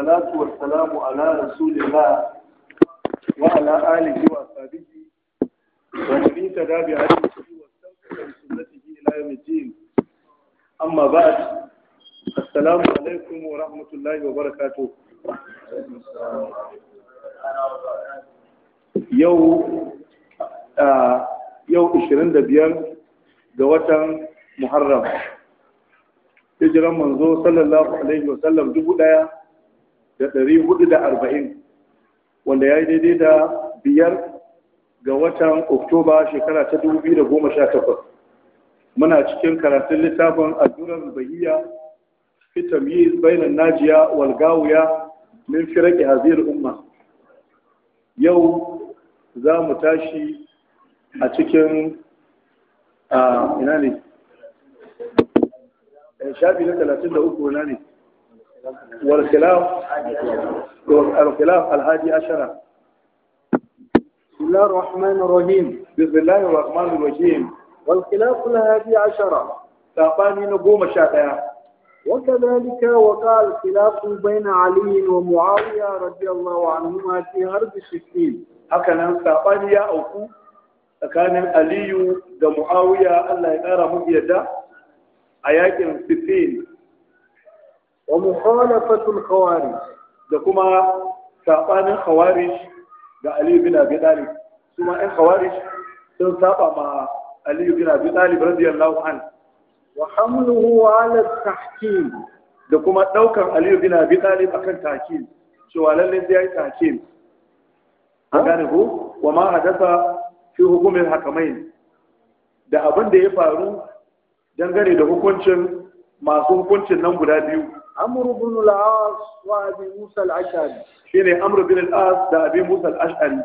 salatu wa salamu ala rasulillah wa ala alihi wa yau a ga watan muharram hijiran manzo sallallahu da ɗari hudu da arba'in wanda ya yi daidai da biyar ga watan oktoba shekara ta dubu biyu da goma sha takwas muna cikin karatun littafin ajiyar bayiya, fi yi bainan najiya walgawuya min firaqi haziyar umma yau za mu tashi a cikin ina ne eh, shafi na talatin da uku ina ne والخلاف الخلاف الهادي عشرة بسم الله الرحمن الرحيم بسم الله الرحمن الرحيم والخلاف الهادي عشرة ساقاني نقوم شاكايا وكذلك وقع الخلاف بين علي ومعاوية رضي الله عنهما في هرب الشتين هكذا ساقاني يا أوكو كان علي ومعاوية الله يقرأ مبيدا a yakin sifin wa mukhalafatul khawarij da kuma sabanin khawarij ga Ali bin Abi Talib su ma khawarij sun saba ma Ali bin Abi Talib radiyallahu an wa hamluhu ala tahkim da kuma daukan Ali bin Abi Talib akan tahkim cewa lalle sai ya tahkim an gane ko wa ma hadasa fi hukumin hakamai. da abin da ya faru dangane da hukuncin masu hukuncin nan guda biyu amru bin al-as wa abi musa al-ash'ari shine amru bin al-as da abi musa al-ash'ari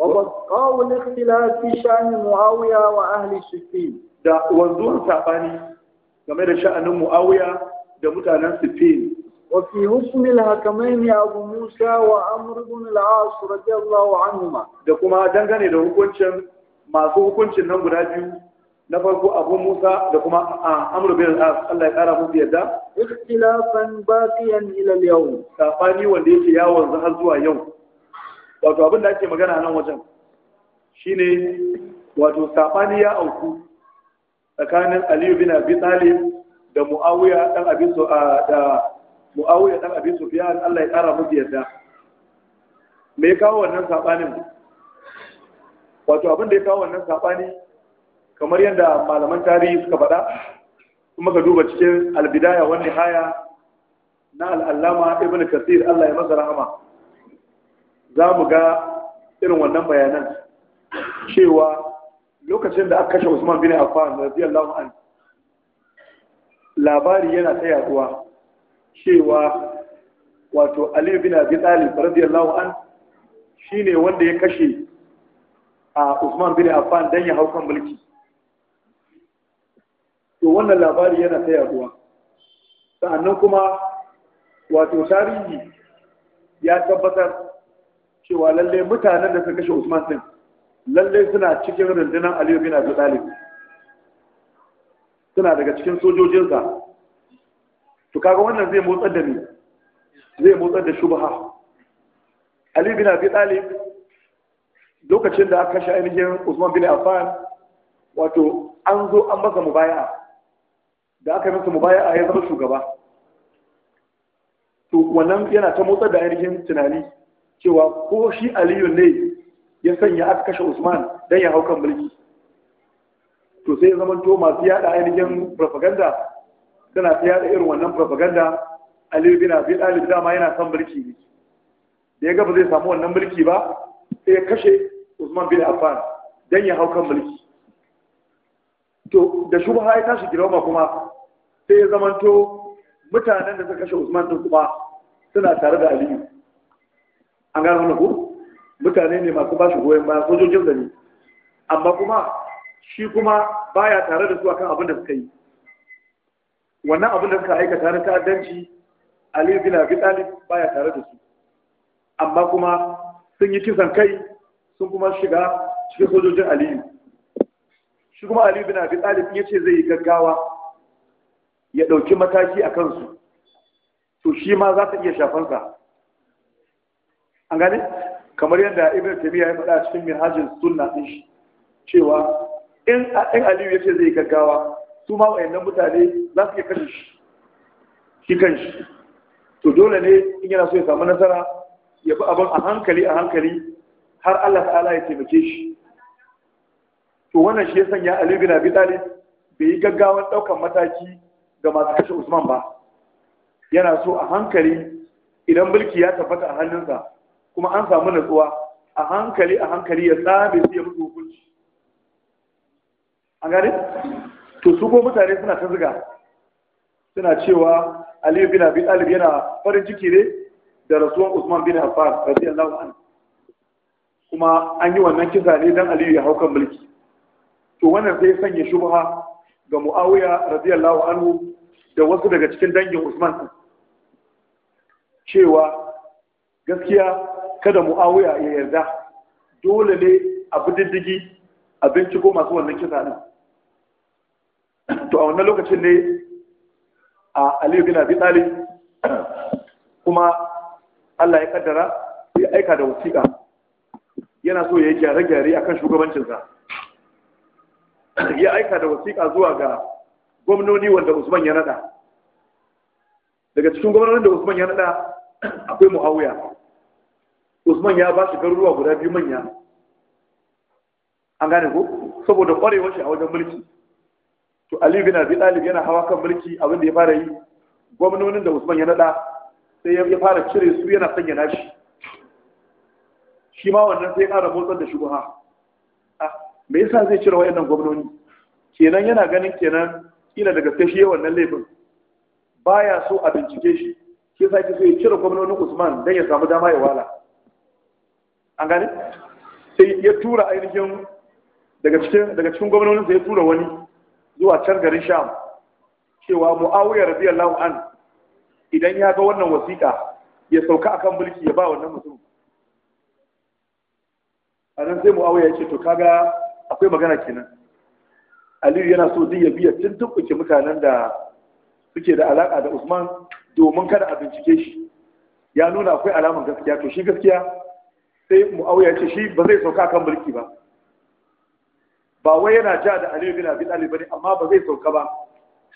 wa baqaw al-ikhtilaf fi sha'n muawiya wa ahli siffin da wanzuwar sabani game da sha'anin muawiya da mutanen Sifin. wa fi hukm al-hakamain abu musa wa amru bin al-as radiyallahu anhuma da kuma dangane da hukuncin masu hukuncin nan guda biyu na farko abu musa da kuma amru bin al-as Allah ya kara musu yadda ikhtilafan baqiyan ila al-yawm safani wanda yake yawon har zuwa yau wato abin da ake magana nan wajen shine wato safani ya auku tsakanin aliyu bin abi talib da muawiya dan abi su da muawiya dan abi sufyan Allah ya kara musu yadda me ya kawo wannan safanin wato abin da ya kawo wannan sabani kamar yadda malaman tarihi suka faɗa kuma ka duba cikin albidaya wani haya na al'allama ibn kasir Allah ya masa rahama za mu ga irin wannan bayanan cewa lokacin da aka kashe Usman bin Affan radiyallahu anhu labari yana ta yaduwa cewa wato Ali bin Abi Talib radiyallahu an shine wanda ya kashe a Usman bin Affan dan ya hau kan mulki to wannan labari yana ta yaduwa sa'annan kuma wato tarihi ya tabbatar cewa lalle mutanen da suka kashe Usman din lalle suna cikin rundunar Ali bin Abi Talib suna daga cikin sojojinsa to kaga wannan zai motsar da ni zai motsar da shubha Ali bin Abi Talib lokacin da aka kashe ainihin Usman bin Affan wato an zo an masa mubaya'a da aka yi masa a ya zama shugaba to wannan yana ta motsa da ainihin tunani cewa ko shi aliyu ne ya sanya aka kashe usman don ya hau kan mulki to sai ya zama to masu yada ainihin propaganda suna ta yada irin wannan propaganda aliyu bin abi talib dama yana son mulki ne da ya gaba zai samu wannan mulki ba sai ya kashe usman bin affan don ya hau kan mulki to da shubha ya tashi girma kuma sai ya zamanto mutanen da suka kashe Usman din kuma suna tare da Aliyu an gano wannan ko mutane ne masu bashi goyon baya sojojin da ni. amma kuma shi kuma baya tare da su akan abin da suka yi wannan abin da suka aikata na ta'addanci Aliyu bin Abi Talib baya tare da su amma kuma sun yi kisan kai sun kuma shiga cikin sojojin Aliyu shi kuma Ali bin Abi Talib yace zai yi gaggawa ya dauki mataki a kansu to shi ma za ta iya shafan sa an gane kamar yadda Ibn Taymiyyah ya faɗa cikin Minhajul Sunna din shi cewa in in Aliyu yace zai yi gaggawa su ma wayannan mutane za su iya kashe shi shi shi to dole ne in yana so ya samu nasara ya bi abin a hankali a hankali har Allah ta'ala ya taimake shi to wannan shi ya sanya Ali bin Abi Talib bai yi gaggawan ɗaukan mataki ga masu kashe Usman ba yana so a hankali idan mulki ya tabbata a hannunsa kuma an samu natsuwa a hankali a hankali ya tsabe su ya mutu hukunci an gane to su ko mutane suna ta zuga suna cewa Ali bin Abi Talib yana farin ciki ne da rasuwan Usman bin Affan radiyallahu anhu kuma an yi wannan kisa ne dan Aliyu ya hau mulki to wannan zai sanya shubha ga Muawiya radiyallahu anhu da wasu daga cikin dangin Usman cewa gaskiya kada Muawiya ya yarda dole ne a bididdigi a binciko masu wannan kisa din to a wannan lokacin ne a Aliyu bin Abi Talib kuma Allah ya kaddara ya aika da wasiƙa yana so ya yi gyare-gyare akan shugabancinsa ya aika da wasiƙa zuwa ga gwamnoni wanda Usman ya nada daga cikin gwamnonin da Usman ya nada akwai Muawiya Usman ya ba shi garuruwa guda biyu manya an gane ko saboda ƙwarewa shi a wajen mulki to Aliyu bin Abi Talib yana hawa kan mulki abin da ya fara yi gwamnonin da Usman ya nada sai ya fara cire su yana sanya nashi shi ma wannan sai ya ƙara motsar da shubha me yasa zai cire wayannan gwamnoni kenan yana ganin kenan kila daga gaske wannan laifin baya so a bincike shi ke sa ki so ya cire gwamnonin Usman dan ya samu dama ya wala an gane sai ya tura ainihin daga cikin daga cikin gwamnonin sai ya tura wani zuwa can garin Sham cewa Muawiya radiyallahu an idan ya ga wannan wasiƙa ya sauka akan mulki ya ba wannan mutum a nan sai Muawiya ya ce to kaga akwai magana kenan aliyu yana so duk ya biya tuntuɓuke mutanen da suke da alaka da usman domin kada a bincike shi ya nuna akwai alaman gaskiya to shi gaskiya sai mu'awiya ce shi ba zai sauka kan mulki ba ba wai yana ja da aliyu bin abi talib bane amma ba zai sauka ba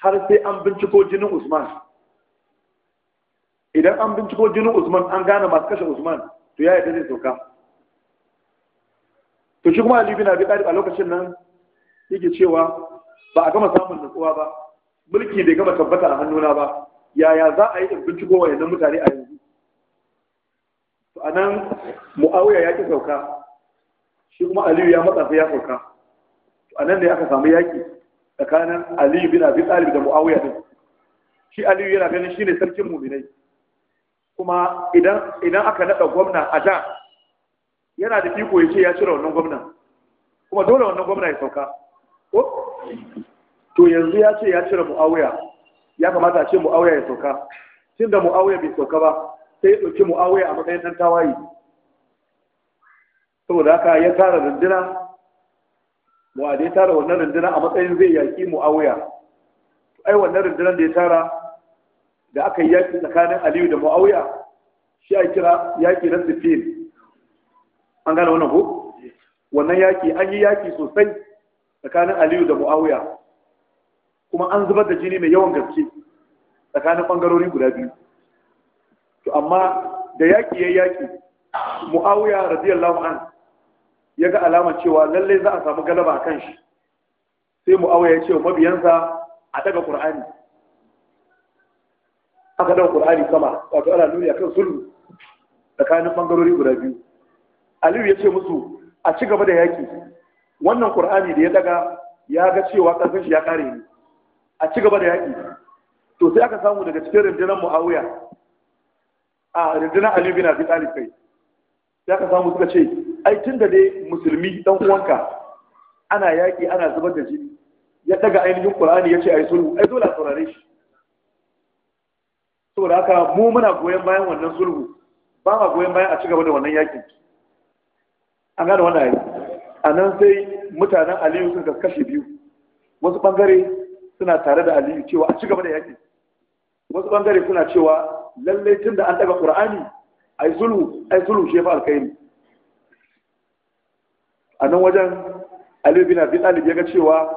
har sai an binciko jinin usman idan an binciko jinin usman an gane masu kashe usman to ya yarda zai sauka to shi kuma alibi na bi Talib a lokacin nan yake cewa ba a gama samun nutsuwa ba mulki bai gama tabbata a hannuna ba yaya za a yi in binciko yanzu mutane a yanzu to a nan Muawiya ya ki sauka shi kuma Aliyu ya matsa sai ya sauka to a nan ne aka samu yaki tsakanin Aliyu bin Abi Talib da Muawiya din shi Aliyu yana ganin shine sarkin mu'minai kuma idan idan aka nada gwamna a da yana da fiko ya ce ya cire wannan gwamnan kuma dole wannan gwamna ya sauka to yanzu ya ce ya cire mu'awiya ya kamata a ce mu'awiya ya sauka tun da mu'awiya bai sauka ba sai ya ɗauki mu'awiya a matsayin ɗan tawaye saboda haka ya tara rundunar mu'adai tara wannan rundunar a matsayin zai yaƙi mu'awiya ai wannan rundunar da ya tara da aka yi yaƙi tsakanin aliyu da mu'awiya shi a kira yaƙi na sifin an gane wannan ko wannan yaki an yi yaki sosai tsakanin aliyu da mu'awiya kuma an zubar da jini mai yawan gaske tsakanin bangarori guda biyu to amma da yaki ya yaki mu'awiya radiyallahu an ya ga alamar cewa lallai za a samu galaba a kan shi sai mu'awiya ya ce wa mabiyansa a daga qur'ani aka daga qur'ani sama wato ana nuni akan sulhu tsakanin bangarori guda biyu aliyu ya ce musu a ci gaba da yaƙi wannan ƙur'ani da ya daga ya ga cewa ƙarfin shi ya ƙare ne a ci gaba da yaƙi to sai aka samu daga cikin rundunar muawiya a rundunar aliyu bin abi talib kai sai aka samu suka ce ai tun da dai musulmi dan uwanka ana yaƙi ana zubar da jini ya daga ainihin ƙur'ani ya ce ai sulhu ai dole a saurare shi saboda haka mu muna goyon bayan wannan sulhu ba ma goyon bayan a ci gaba da wannan yaƙin an gane wannan ayi a nan sai mutanen aliyu suka kashe biyu wasu bangare suna tare da aliyu cewa a ci gaba da yaƙi wasu bangare suna cewa lallai tun da an daga qurani ai sulhu ai sulhu shefa alkaini a nan wajen aliyu bin abi talib ya ga cewa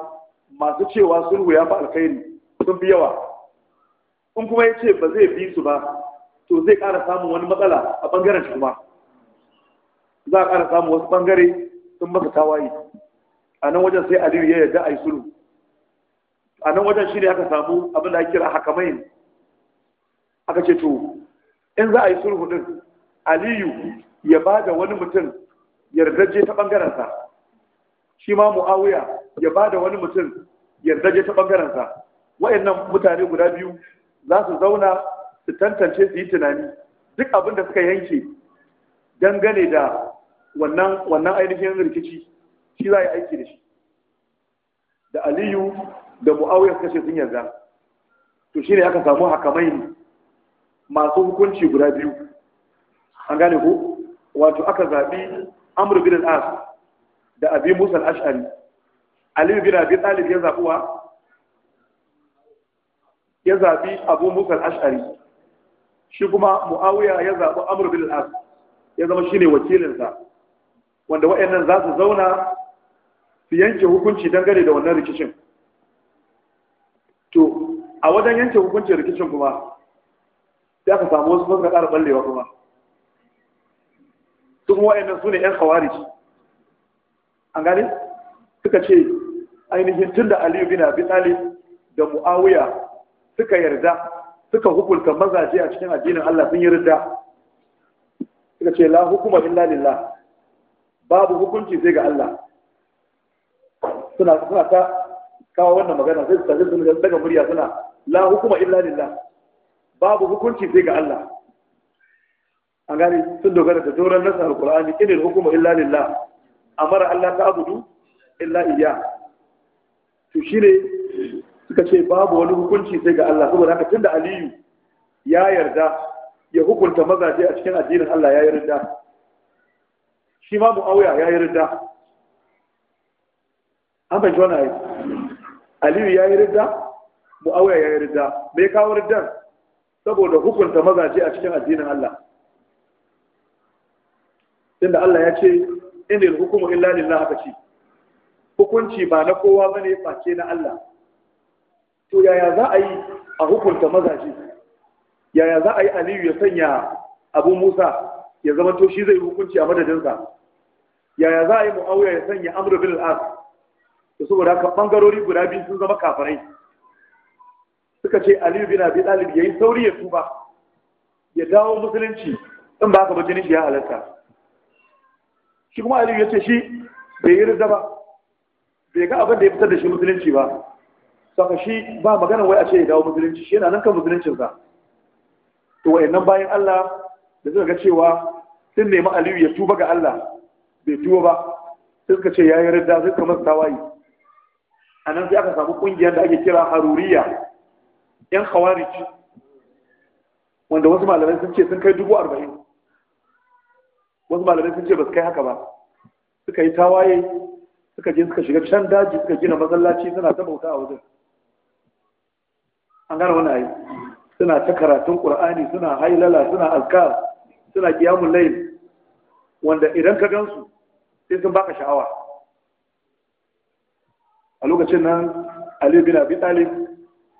masu cewa sulhu ya fi alkhairi sun fi yawa in kuma ya ce ba zai bi su ba to zai ƙara samun wani matsala a bangaren shi kuma za a ƙara samu wasu ɓangare sun maka tawaye a nan wajen sai aliyu ya yarda a yi sulhu a nan wajen shi ne aka samu abin da ake kira hakamai aka ce to in za a yi sulhu din aliyu ya ba da wani mutum yardaje ta ɓangarensa shi ma mu'awiya ya ba da wani mutum yardaje ta ɓangarensa wa'annan mutane guda biyu za su zauna su tantance su yi tunani duk abin da suka yanke dangane da wannan wannan ainihin rikici shi za a yi aiki da shi da aliyu da mu'awiyar suka ce sun yarda to shi ne aka samu hakamai ne masu hukunci guda biyu an gane ko wato aka zaɓi amur bin al-as da abi musa al-ash'ari aliyu bin abi talib ya zaɓi wa ya zaɓi abu musa al-ash'ari shi kuma mu'awiya ya zaɓi amur bin al-as ya zama shi ne wakilinsa wanda waɗannan za su zauna su yanke hukunci dangane da wannan rikicin to a wajen yanke hukuncin rikicin kuma sai aka samu wasu suka ƙara ɓallewa kuma su kuma wa'annan su ne 'yan khawarij an gane suka ce ainihin tun da aliyu bin abi talib da mu'awiya suka yarda suka hukunta mazaje a cikin addinin Allah sun yi ridda suka ce la hukuma illa lillah babu hukunci sai ga Allah suna suna ta kawo wannan magana sai su tafi sun daga murya suna la hukuma illa lillah babu hukunci sai ga Allah an gane sun dogara da doron nasa alqur'ani inil hukuma illa lillah amara Allah ta abudu illa iya to shine suka ce babu wani hukunci sai ga Allah saboda haka tunda Aliyu ya yarda ya hukunta mazaje a cikin addinin Allah ya yarda shi ma muawiya ya yi rida an fahimci wannan ayi aliyu ya yi ridda muawiya ya yi rida me kawo riddan saboda hukunta mazaje a cikin addinin Allah tunda Allah ya ce inda hukumu illa lillah haka ce hukunci ba na kowa bane face na Allah to yaya za a yi a hukunta mazaje yaya za a yi aliyu ya sanya abu musa ya zama to shi zai hukunci a madadinsa yaya za a yi mu'awiyar ya sanya amru bin al'as da saboda haka bangarori guda biyu sun zama kafirai suka ce aliyu bin abi talib yayi sauri ya tuba ya dawo musulunci in ba ka ba jinin shi ya halatta shi kuma aliyu ya ce shi bai yi rizaba bai ga abin da ya fitar da shi musulunci ba saka shi ba magana wai a ce ya dawo musulunci shi yana nan kan musuluncinsa to wayannan bayan Allah da suka ga cewa sun nemi aliyu ya tuba ga Allah bai tuwo ba sai suka ce yayi ridda sai suka masa tawayi a nan sai aka samu ƙungiyar da ake kira haruriya yan khawarij wanda wasu malamai sun ce sun kai dubu arba'in wasu malamai sun ce ba su kai haka ba suka yi tawaye suka je suka shiga can daji suka gina masallaci suna ta bauta a wajen an gane wani ayi suna ta karatun qur'ani suna hailala suna azkar suna qiyamul layl wanda idan ka gansu sai sun baka sha'awa a lokacin nan Ali bin Abi Talib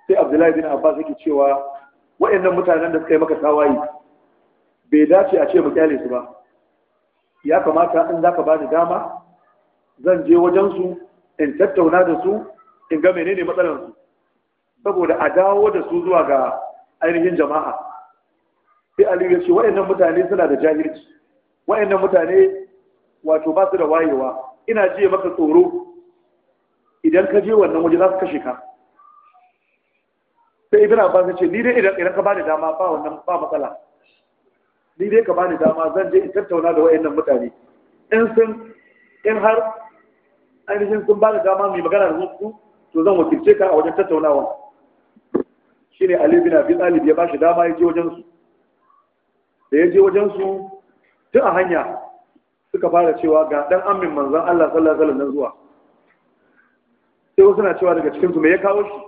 sai Abdullahi bin Abbas yake cewa nan mutanen da suka yi maka tawaye bai dace a ce mu kyale su ba ya kamata in zaka bani dama zan je wajensu, in tattauna da su in ga menene matsalarsu, saboda a dawo da su zuwa ga ainihin jama'a sai Ali ya ce nan mutane suna da jahilci nan mutane wato ba su da wayewa ina jiya maka tsoro idan ka je wannan waje za su kashe ka sai ba su ce ni dai idan ka bani dama ba wannan ba matsala ni dai ka bani dama zan je in tattauna da wayannan mutane in sun in har ainihin sun bani dama mai magana da su to zan wakilce ka a wajen tattaunawa shine ali bin abi talib ya bashi dama ya je wajen su da ya je wajen su tun a hanya suka fara cewa ga dan amin manzon Allah sallallahu alaihi wasallam zuwa sai wasu na cewa daga cikin su me ya kawo shi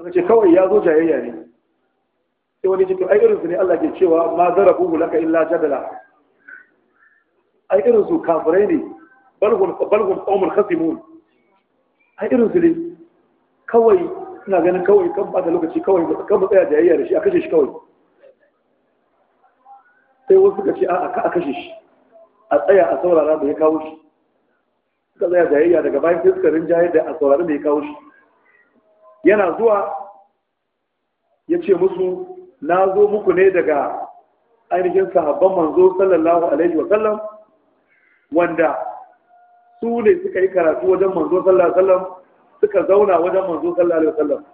aka ce kawai ya zo jayayya ne sai wani cikin ai irinsu ne Allah ke cewa ma zarafu laka illa jadala ai irinsu kafirai ne balgun balgun qaumul khasimun ai irinsu ne kawai ina ganin kawai kan ba da lokaci kawai kan tsaya jayayya da shi a kashe shi kawai sai wasu suka ce a a kashe shi a tsaya a saurara da ya kawo shi suka tsaya jayayya daga bayan fiskarin jayar da a saurari da ya kawo shi yana zuwa ya ce musu na zo muku ne daga ainihin sahabban manzo sallallahu alaihi wa sallam wanda su ne suka yi karatu wajen manzo sallallahu alaihi wa sallam suka zauna wajen manzo sallallahu alaihi wa sallam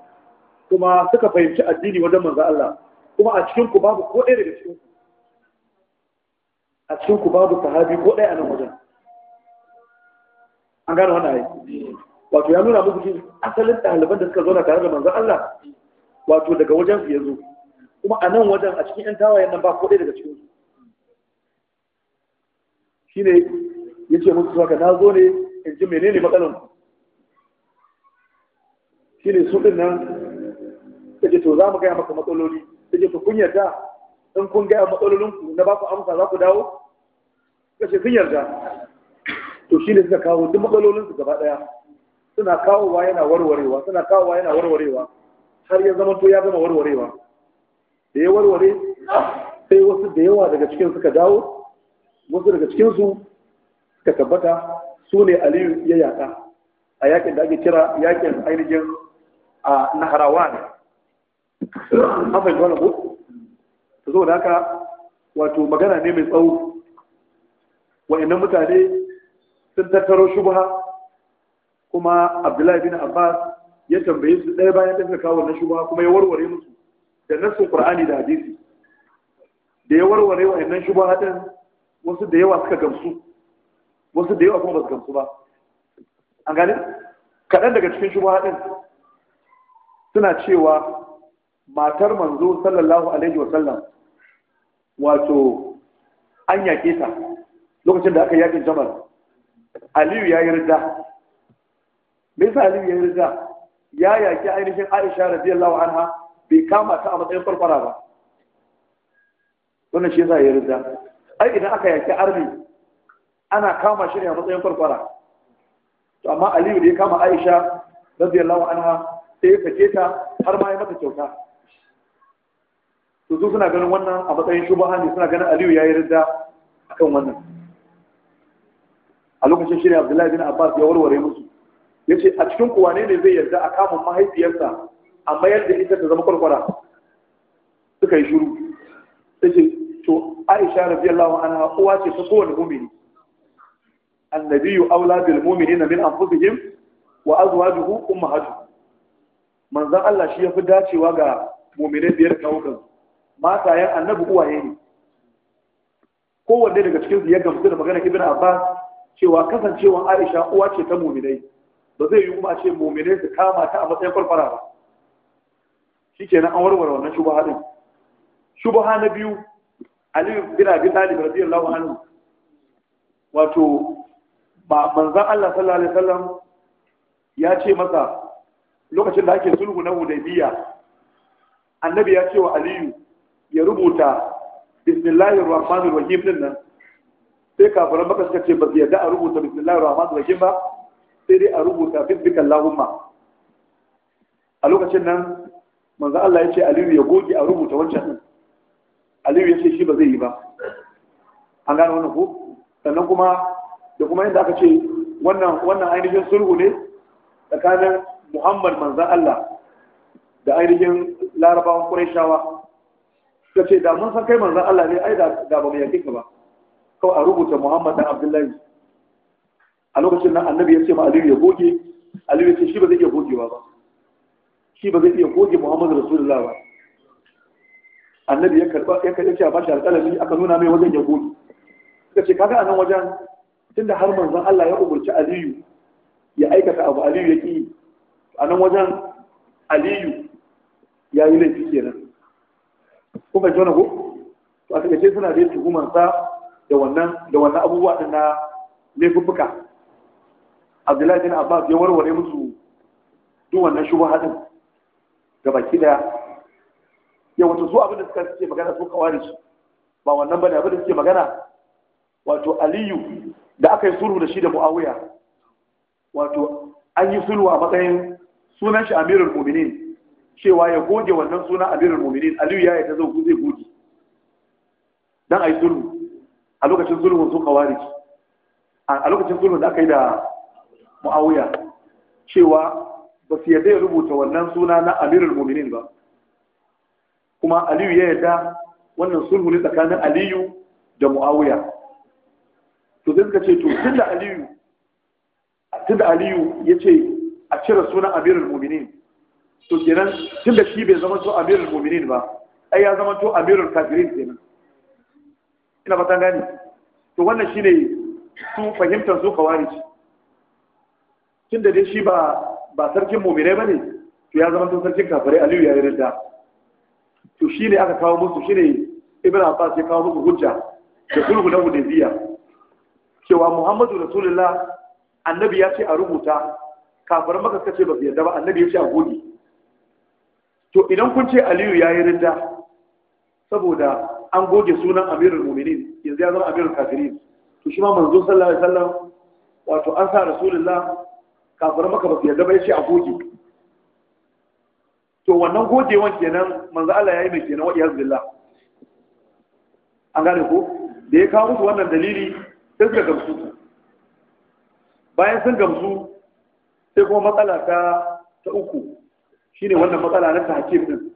kuma suka fahimci addini wajen manzo Allah kuma a cikin ku babu ko ɗaya daga cikin ku a cikin ku babu sahabi ko ɗaya a nan wajen an gane wani ayi wato ya nuna muku cikin asalin ɗaliban da suka zo na tare da manzon Allah wato daga wajen su ya zo kuma a nan wajen a cikin 'yan tawayen nan ba ko ɗaya daga cikin su shi ne ya ce musu suka na zo ne in ji menene matsalan shi ne su ɗin nan ta ce to za mu gaya maka matsaloli ta ce to kunyata. in kun gaya matsalolinku na ba ku amsa za ku dawo suka ce sun yarda to shi ne suka kawo duk matsalolinsu gaba ɗaya suna kawowa yana warwarewa suna kawowa yana warwarewa har ya zama to ya zama warwarewa da ya warware sai wasu da yawa daga cikin suka dawo wasu daga cikin su suka tabbata su ne aliyu ya yaƙa a yakin da ake kira yakin ainihin a naharawa ne. fahimci wannan ko ta zo da haka wato magana ne mai tsawo wa'annan mutane sun tattaro shubha kuma abdullahi bin abbas ya tambaye su ɗaya bayan ɗaya kawo wannan shubha kuma ya warware musu da nassin qur'ani da hadisi da ya warware wa'annan shubha din wasu da yawa suka gamsu wasu da yawa kuma ba su gamsu ba an gani kaɗan daga cikin shubha din suna cewa matar manzo sallallahu alaihi wa sallam wato an yaƙe ta lokacin da aka yaƙin jamal aliyu ya yi rida me yasa aliyu ya yi rida ya yaƙi ainihin aisha radiyallahu anha bai kama ta a matsayin farfara ba wannan shi yasa ya yi rida ai idan aka yaƙi arni ana kama shi ne a matsayin farfara to amma aliyu da ya kama aisha radiyallahu anha sai ya sake ta har ma ya mata kyauta to su suna ganin wannan a matsayin shubaha ne suna ganin aliyu ya yi a kan wannan a lokacin shirya abdullahi bin abbas ya warware musu ya ce a cikin kuwa ne zai yarda a kamun mahaifiyarsa a mayar ita ta zama kwarkwara suka yi shuru ta ce to aisha radiyallahu anha uwa ce ta kowane mumini Annabiyu aula bil na min anfusihim wa azwajuhu ummahatuhum manzon Allah shi ya fi dacewa ga mu'minai biyar kansu matayen annabi uwaye ne kowanne daga cikin su ya gamsu da magana ibn abbas cewa kasancewar aisha uwa ce ta muminai ba zai yi kuma a ce muminai su kama ta a matsayin farfara ba shikenan an warware wannan shubaha din shubaha na biyu ali bin abi talib radiyallahu anhu wato ba manzon Allah sallallahu alaihi wasallam ya ce masa lokacin da ake sulhu na hudaybiya annabi ya ce wa aliyu ya rubuta bismillahir rahmanir rahim din nan sai kafiran maka suka ce ba su yarda a rubuta bismillahir rahmanir rahim ba sai dai a rubuta bismika allahumma a lokacin nan manzo Allah ya ce Aliyu ya goge a rubuta wancan din Aliyu ya ce shi ba zai yi ba an gane wannan ko sannan kuma da kuma yadda aka ce wannan wannan ainihin sulhu ne tsakanin Muhammad manzo Allah da ainihin Larabawan Qurayshawa Ka ce da mun san kai manzan Allah ne ai da ba mu yanke ka ba kawai a rubuta Muhammad dan Abdullahi a lokacin nan annabi ya ce ma Aliyu ya goge Aliyu ya ce shi ba zai iya gogewa ba shi ba zai iya goge Muhammad Rasulullah ba annabi ya karba ya kace ce a bashi alƙalami aka nuna mai wajen ya goge Ka ce kaga anan wajen tunda har manzan Allah ya umurci Aliyu ya aikata abu Aliyu ya ki anan wajen Aliyu ya yi laifi kenan ko fahimci wani ko to a takaice suna da tuhuman sa da wannan da wannan abubuwa din na laifuffuka Abdullahi bin Abbas ya warware musu duk wannan shubha hadin ga baki daya ya wato su abin da suka ce magana su kawari su ba wannan bane abin da suke magana wato Aliyu da aka yi sulhu da shi da Muawiya wato an yi sulhu a matsayin sunan shi Amirul Mu'minin cewa ya goge wannan suna amirul mu'minin aliyu ya yi ta zai zai goge a yi sulhu a lokacin sulhun su kawari a lokacin sulhun da aka yi da ma'auya cewa ba su yadda ya rubuta wannan suna na amirul mu'minin ba kuma aliyu ya yadda wannan sulhu ne tsakanin aliyu da muawiya to sai suka ce to tunda aliyu ya aliyu a cire sunan amirul mu'minin to kenan tun da shi bai zama to amirul mu'minin ba ai ya zama to amirul kafirin kenan ina fatan gani to wannan shine su fahimtar su kawari tun da dai shi ba ba sarkin mu'minai bane to ya zama to sarkin kafirai aliyu ya yarda to shine aka kawo musu shine ibn abbas ya kawo musu hujja da sulhu na hudaybiya cewa muhammadu rasulullah annabi ya ce a rubuta kafirin maka kace ce ba yarda ba annabi ya ce a goge to idan kun ce aliyu ya yi ridda saboda an goge sunan amirul muminin yanzu ya zama amirul kafirin to shi ma manzo sallallahu alaihi wasallam wato an sa rasulullah kafir maka ba su yarda ba ya ce a goge to wannan gogewan kenan manzo Allah ya yi mai kenan wa ya billah an gane ko da ya kawo musu wannan dalili sai suka gamsu bayan sun gamsu sai kuma matsala ta ta uku Shi ne wannan matsala na tahkim din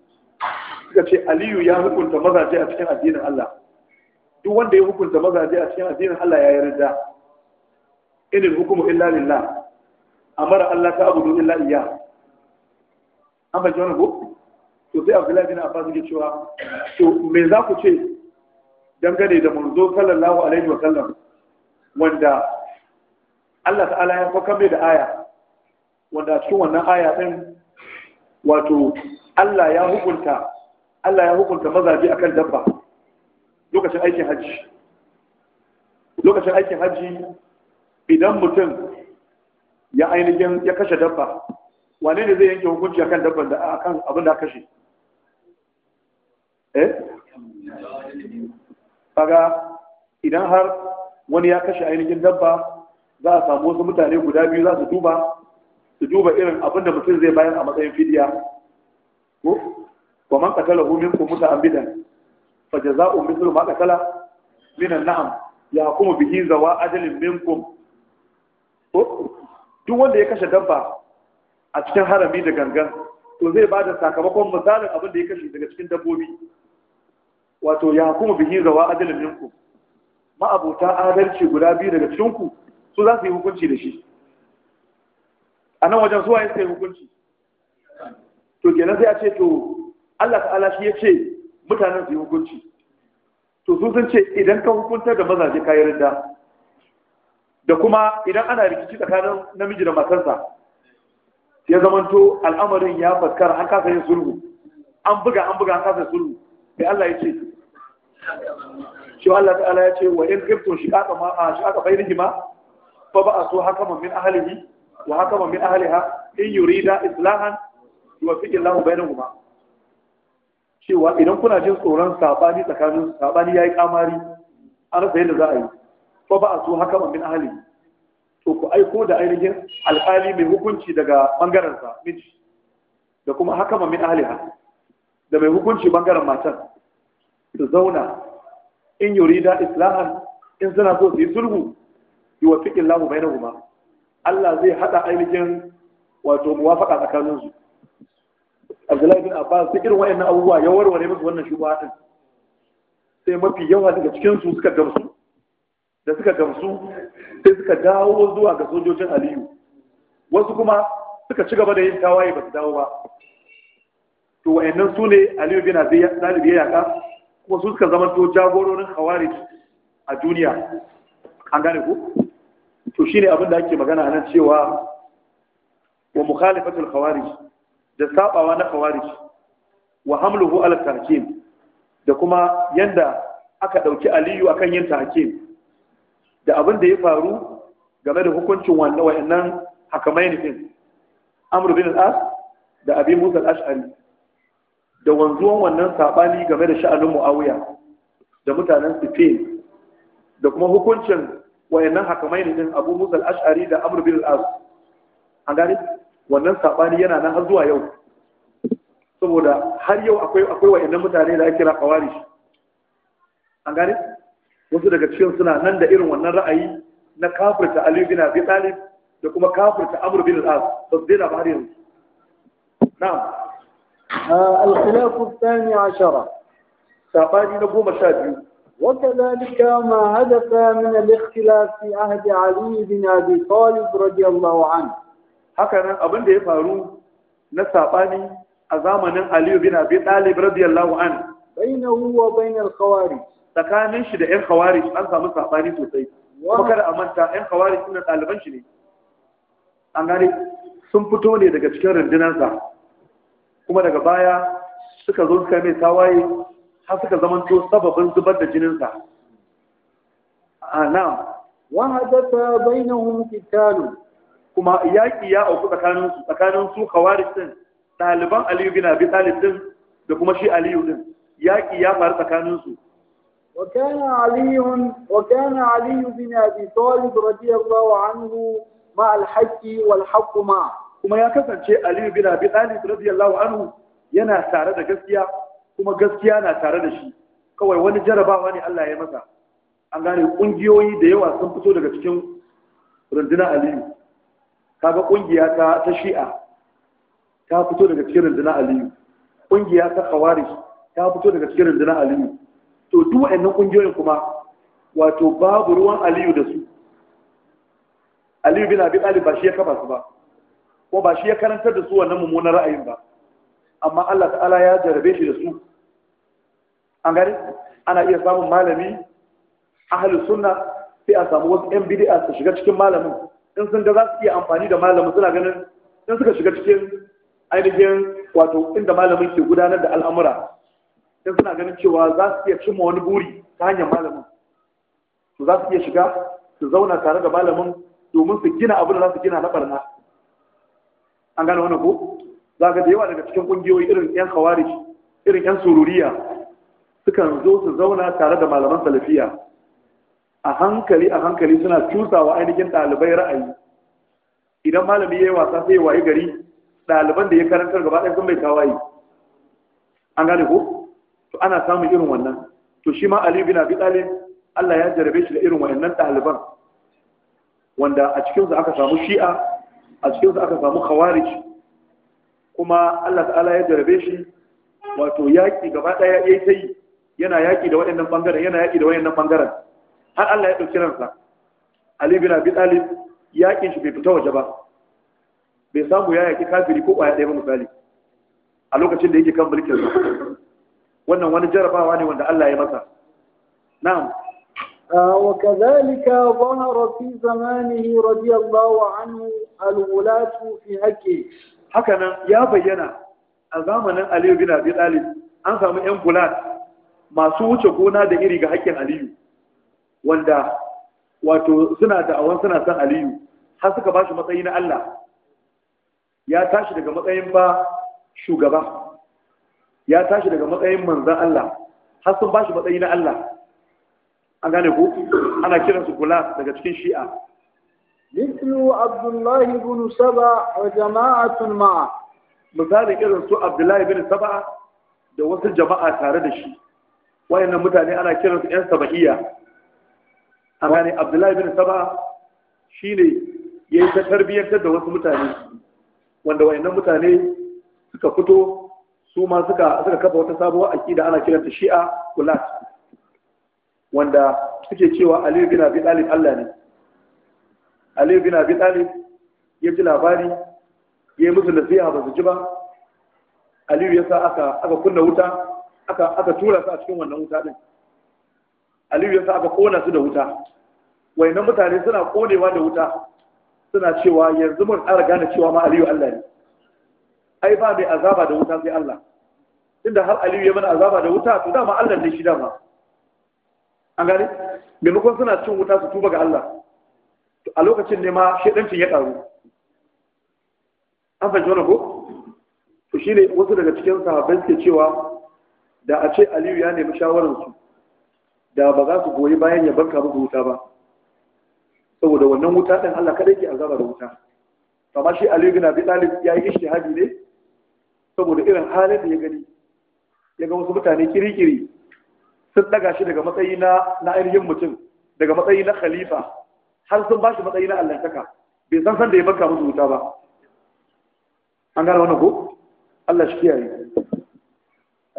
suka ce aliyu ya hukunta mazaje a cikin addinin Allah duk wanda ya hukunta mazaje a cikin addinin Allah ya yarda inil hukumu illa lillah amara Allah ta abudu illa iyya an ba jona ko to sai Abdullahi bin Abbas yake cewa to me za ku ce dangane da manzo sallallahu alaihi wa sallam wanda Allah ta'ala ya fakame da aya wanda cikin wannan aya din wato Allah ya hukunta Allah ya hukunta mazaje akan dabba lokacin aikin hajji lokacin aikin hajji idan mutum ya ainihin ya kashe dabba wane ne zai yanke hukunci akan dabban da akan abin da kashe eh kaga idan har wani ya kashe ainihin dabba za a samu wasu mutane guda biyu za su duba su duba irin abin da mutum zai bayar a matsayin fidiya ko wa man qatala hu minkum muta'ammidan fa jazaa'u mithlu ma katala min an-na'am ya kuma bihi zawa ajalin minkum ko duk wanda ya kashe dabba a cikin harami da gangan to zai bada sakamakon misalin abin da ya kashe daga cikin dabbobi wato ya kuma bihi zawa ajalin minkum ma'abota adalci guda biyu daga cikinku su za su yi hukunci da shi a nan wajen zuwa ya sai hukunci to kenan sai a ce to Allah ta'ala shi ya ce mutanen su yi hukunci to su sun ce idan ka hukuntar da mazaje kayan rinda da kuma idan ana rikici tsakanin namiji da matarsa ya zamanto al'amarin ya faskara an kasa yin sulhu an buga an buga an kasa sulhu sai Allah ya ce shi Allah ta'ala ya ce wa in shi shiqaqa ma shiqaqa bainihima fa ba'asu hakaman min ahlihi wa haka min ahliha in yurida islahan wa yuwaffiqu Allahu bainahuma cewa idan kuna jin tsoron sabani tsakanin sabani yayi kamari an sai da za'ayi, a yi fa ba su haka min ahli to ku aiko da ainihin alƙali mai hukunci daga bangaren sa miji da kuma haka min ahliha da mai hukunci bangaren matan su zauna in yurida islahan in suna so su yi sulhu yuwaffiqu Allahu bainahuma Allah zai haɗa ainihin wato muwafaka tsakanin su Abdullahi bin Abbas sai irin wayannan abubuwa ya warware musu wannan shubha din sai mafi yawa daga cikin su suka gamsu da suka gamsu sai suka dawo zuwa ga sojojin Aliyu wasu kuma suka ci gaba da yin tawaye ba su dawo ba to wayannan su ne Aliyu bin Abi Talib ya yaka kuma su suka zama to jagororin Khawarij a duniya an gane ku to shine abin da ake magana nan cewa wa mukhalifatul khawarij da sabawa na khawarij wa hamluhu ala tahkim da kuma yanda aka dauki aliyu akan yin tahkim da abin ya faru game da hukuncin wanda wayannan hakamai ne amr bin al-as da abi musa al-ash'ari da wanzuwan wannan sabani game da sha'anin muawiya da mutanen sifin da kuma hukuncin wayannan mai ne din Abu Musa al-Ash'ari da Amr bin al-As an gani wannan sabani yana nan har zuwa yau saboda har yau akwai akwai wayannan mutane da ake raƙawari. khawarij an gane wasu daga cikin suna nan da irin wannan ra'ayi na kafirta Ali bin Abi Talib da kuma kafirta Amr bin al-As to dai da bari har yanzu na'am الخلاف الثاني عشرة سابعني نقوم شابيو وكذلك ما هدف من الاختلاف في عهد علي بن ابي طالب رضي الله عنه هكذا أبن دي فارو نساباني أزامن علي بن أبي طالب رضي الله عنه بينه وبين الخوارج tsakanin shi da 'yan khawarij an samu sabani sosai kuma kada a manta 'yan khawarij suna ɗaliban shi ne an sun fito ne daga cikin rundunansa kuma daga baya suka zo suka mai tawaye har suka to sababin zubar da jininsa a ah, na'am wa hadatha bainahum qitalu kuma yaki ya auku tsakanin su tsakanin su khawarij din daliban aliyu bin abi talib din da kuma shi aliyu din yaki ya faru tsakanin su wa kana وكان bin abi talib radiyallahu anhu ma al مع wal والحق ma kuma ya kasance aliyu bin abi talib radiyallahu anhu yana tare da gaskiya kuma gaskiya na tare da shi kawai wani jarabawa ne Allah ya masa an gane ƙungiyoyi da yawa sun fito daga cikin rundunar aliyu kaga ƙungiya ta ta shi'a ta fito daga cikin rundunar aliyu ƙungiya ta khawarij ta fito daga cikin rundunar aliyu to duk waɗannan ƙungiyoyin kuma wato babu ruwan aliyu da su aliyu bin abi talib ba shi ya kafa su ba ko ba shi ya karantar da su wannan mummunan ra'ayin ba amma Allah ta'ala ya jarabe shi da su an gari ana iya samun malami ahalus suna sai a samu wasu yan bid'a su shiga cikin malamin in sun ga za su iya amfani da malamin suna ganin in suka shiga cikin ainihin wato inda malamin ke gudanar da al'amura in suna ganin cewa za su iya cimma wani buri ta hanyar malamin su za su iya shiga su zauna tare da malamin domin su gina abin da za su gina na barna an gane wannan ko za ga da yawa daga cikin kungiyoyi irin yan khawarij irin yan sururiya sukan zo su zauna tare da malaman salafiya a hankali a hankali suna cusawa ainihin ɗalibai ra'ayi idan malami ya yi wasa sai ya gari ɗaliban da ya karantar gaba ɗaya sun bai tawaye an gane ko to ana samun irin wannan to shi ma Ali bin Abi Talib Allah ya jarabe shi da irin wayannan ɗaliban wanda a cikin su aka samu Shi'a a cikin su aka samu Khawarij kuma Allah ta'ala ya jarabe shi wato yaki gaba ɗaya yayi ta yi yana yaki da waɗannan bangaren yana yaki da waɗannan bangaren har Allah ya ɗauki ransa Ali bin Abi Talib yakin shi bai fita waje ba bai samu ya yaki kafiri ko kwaya ɗaya ba misali a lokacin da yake kan mulkin sa wannan wani jarabawa ne wanda Allah ya masa na'am وكذلك ظهر في زمانه رضي الله عنه الولاة في حقه هكذا يا بينا الزمن علي بن ابي طالب an samu ƴan بولات masu wuce gona da iri ga haƙƙin aliyu wanda wato suna da'awan suna san aliyu har suka ba shi matsayi na allah ya tashi daga matsayin ba shugaba ya tashi daga matsayin manzan allah har sun ba shi matsayi na allah an gane ku ana kiransu kula daga cikin shi'a مثل Abdullahi bin saba wa jama'atun ma'a Misalin irin su Abdullahi bin Saba da wasu jama'a tare da shi wayannan mutane ana kiransu yan saba'iyya a gane abdullahi bin saba shi ne ya yi ta tarbiyyantar da wasu mutane wanda wayannan mutane suka fito su ma suka suka kafa wata sabuwar akida ana kiranta shi'a ulat wanda suke cewa ali bin abi talib Allah ne ali bin abi talib ya ji labari ya yi musu nasiha ba su ji ba aliyu ya sa aka aka kunna wuta aka tura su a cikin wannan wuta din aliyu ya sa aka kona su da wuta wayannan mutane suna konewa da wuta suna cewa yanzu mun ƙara gane cewa ma aliyu Allah ne ai ba mai azaba da wuta sai Allah tunda har aliyu ya mana azaba da wuta to dama Allah ne shi dama an gane maimakon suna cin wuta su tuba ga Allah a lokacin ne ma shaidancin ya karu an fahimci wani ko to shine wasu daga cikin sahabbai suke cewa da a ce aliyu ya nemi shawararsu da ba za su goyi bayan ya banka musu wuta ba saboda wannan wuta ɗin allah kaɗai ke azaba da wuta amma shi aliyu na bi ɗalib ya yi ishtihadi ne saboda irin halin da ya gani ya ga wasu mutane kirikiri sun ɗaga shi daga matsayi na na ainihin mutum daga matsayi na khalifa har sun ba shi matsayi na allantaka bai san san da ya banka musu wuta ba an gane wannan ko Allah shi kiyaye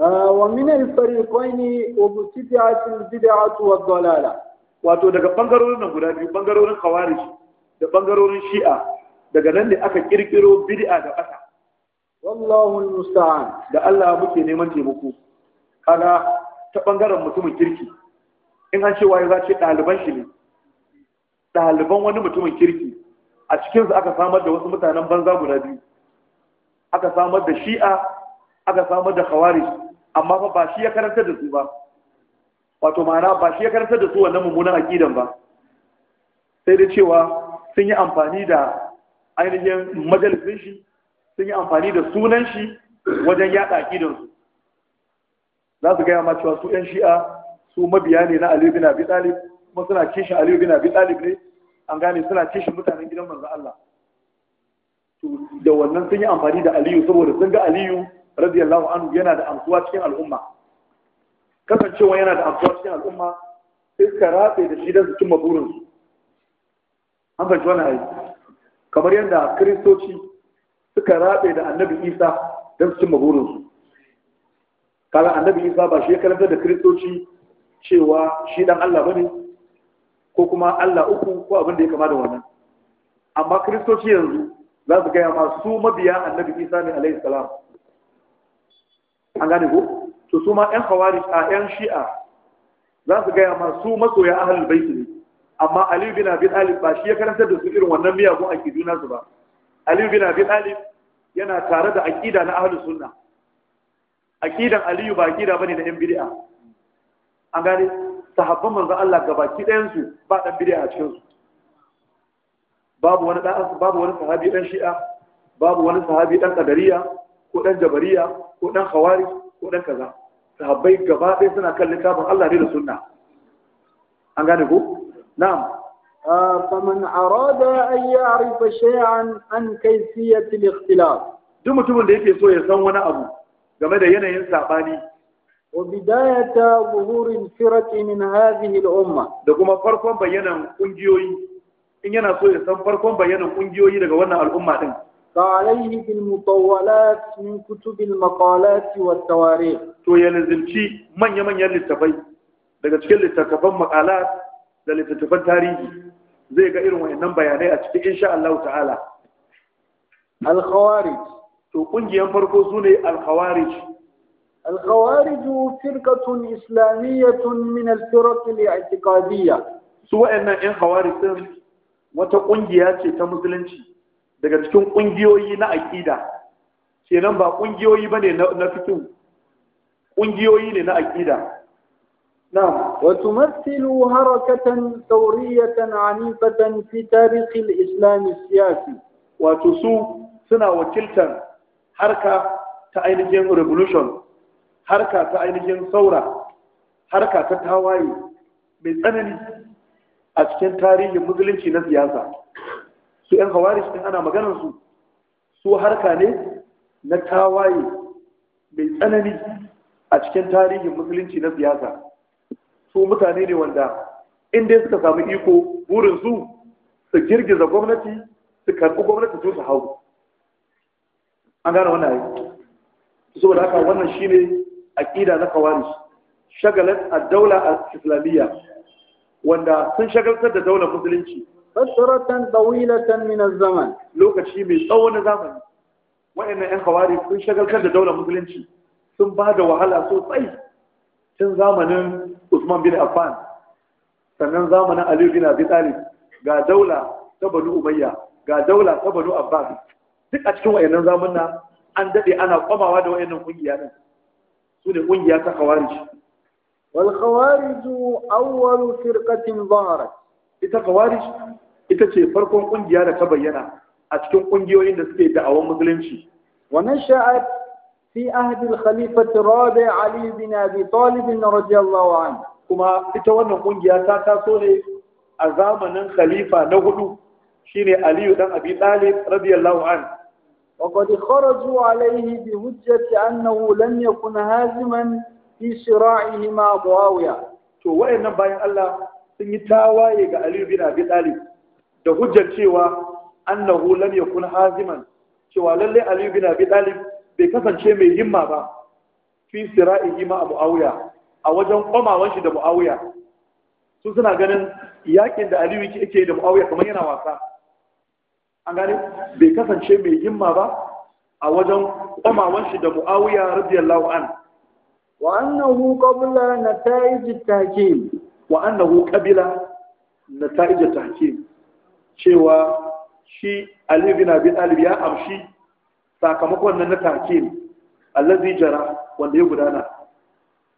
ومن الفريقين وبتدعة البدعة والضلالة wato daga bangarorin nan guda biyu bangarorin khawarij da bangarorin shi'a daga nan ne aka kirkiro bid'a da bata wallahu musta'an da Allah muke neman taimako kaga ta bangaren mutumin kirki in an ce waye za ce daliban shi ne Daliban wani mutumin kirki a cikinsu aka samar da wasu mutanen banza guda biyu aka samar da shi'a aka samar da khawarij amma fa ba shi ya karanta da su ba wato ma'ana ba shi ya karanta da su wannan mummunan aqidan ba sai da cewa sun yi amfani da ainihin majalisin shi sun yi amfani da sunan shi wajen yada aqidan su za su gaya ma cewa su yan shi'a su mabiya ne na Ali bin Abi Talib kuma suna kishin Ali bin Abi Talib ne an gane suna kishin mutanen gidan manzo Allah to da wannan sun yi amfani da Aliyu saboda sun ga Aliyu radiyallahu anhu yana da amsuwa cikin al'umma kasancewa yana da amsuwa cikin al'umma sai suka ratse da shi don su cimma burinsu an fahimci wani ayi kamar yadda kiristoci suka ratse da annabi isa don su cimma burinsu kala annabi isa ba shi ya karanta da kiristoci cewa shi dan allah bane ko kuma allah uku ko abin da ya kama da wannan amma kiristoci yanzu za su gaya ma su mabiya annabi isa ne alaihi salam an gane ko to su ma yan khawarij a yan shi'a za su gaya ma su masoya ahlul bait ne amma ali bin abi talib ba shi ya karanta da su irin wannan miyagun akidu su ba ali bin abi talib yana tare da aqida na ahlus sunna aqidan aliyu ba aqida bane na yan bid'a an gane sahabban manzon Allah gabaki ɗayan su ba ɗan bid'a a cikin su babu wani babu wani sahabi ɗan shi'a babu wani sahabi ɗan qadariya ko dan jabariya ko dan khawari ko dan kaza sahabbai gaba ɗaya suna kan littafin Allah ne da sunna an gane ko na'am فمن أراد أن يعرف an عن كيفية الاختلاف duk mutumin da yake so ya san wani abu game da yanayin saɓani وبداية ظهور الفرق من هذه الأمة da kuma farkon bayanan kungiyoyi in yana so ya san farkon bayanan kungiyoyi daga wannan al'umma din فعليه بالمطولات من كتب المقالات والتواريخ to ya من manya-manyan littafai daga cikin littattafan makala da littattafan tarihi zai ga irin wayannan bayanai a cikin insha Allah ta'ala al-khawarij to kungiyan farko sune al-khawarij al-khawarij firqatun islamiyatun min al-firq al-i'tiqadiyya su wayannan ɗan khawarij wata ƙungiya ce ta musulunci daga cikin ƙungiyoyi na aƙida ke nan ba ƙungiyoyi ba ne na fito ƙungiyoyi ne na aƙida na wasu matsilu harakatan tauriyatan anifatan fi tarihin islami siyasi wato su suna wakiltar harka ta ainihin revolution harka ta ainihin saura harka ta tawaye mai tsanani a cikin tarihin musulunci na siyasa su yan hawari su ana maganar su su harka ne na tawaye mai tsanani a cikin tarihin musulunci na siyasa su mutane ne wanda inda suka samu iko burin su su girgiza gwamnati su karɓi gwamnati su su hau an gane wannan yi saboda haka wannan shi shine aƙida na kawari shagalar a daula a islamiyya wanda sun shagaltar da daular musulunci فترة طويلة من zaman. lokaci mai tsawo na zamani waɗannan 'yan hawari sun shagaltar da daular musulunci sun ba da wahala sosai tun zamanin usman bin affan sannan zamanin aliyu bin abi talib ga daula ta banu umayya ga daula ta banu abbas duk a cikin wayannan zamanin an daɗe ana kwamawa da wayannan kungiya din su ne kungiya ta khawarij wal khawarij awwal firqatin zaharat ita khawarij ita ce farkon kungiya da ta bayyana a cikin kungiyoyin da suke da'awan musulunci wa nasha'at fi ahdi al rabi ali bin abi talib radiyallahu anhu kuma ita wannan kungiya ta taso ne a zamanin khalifa na hudu shine aliyu dan abi talib radiyallahu anhu وقد خرجوا عليه بهجة أنه لم يكن هازما في صراعه ma معاوية. To wayannan bayan Allah sun yi tawaye ga Aliyu bin Abi Talib da hujjar cewa annahu lam yakun haziman cewa lalle ali bin abi talib bai kasance mai himma ba fi sira'ihi ma muawiya a wajen komawan shi da muawiya su suna ganin yakin da aliyu yake da muawiya kamar yana wasa an gane bai kasance mai himma ba a wajen komawan shi da muawiya radiyallahu an wa annahu qabla nata'ij at-tahkim wa annahu qabila nata'ij at-tahkim cewa shi Ali bin Abi Talib ya amshi sakamakon nan na take allazi jara wanda ya gudana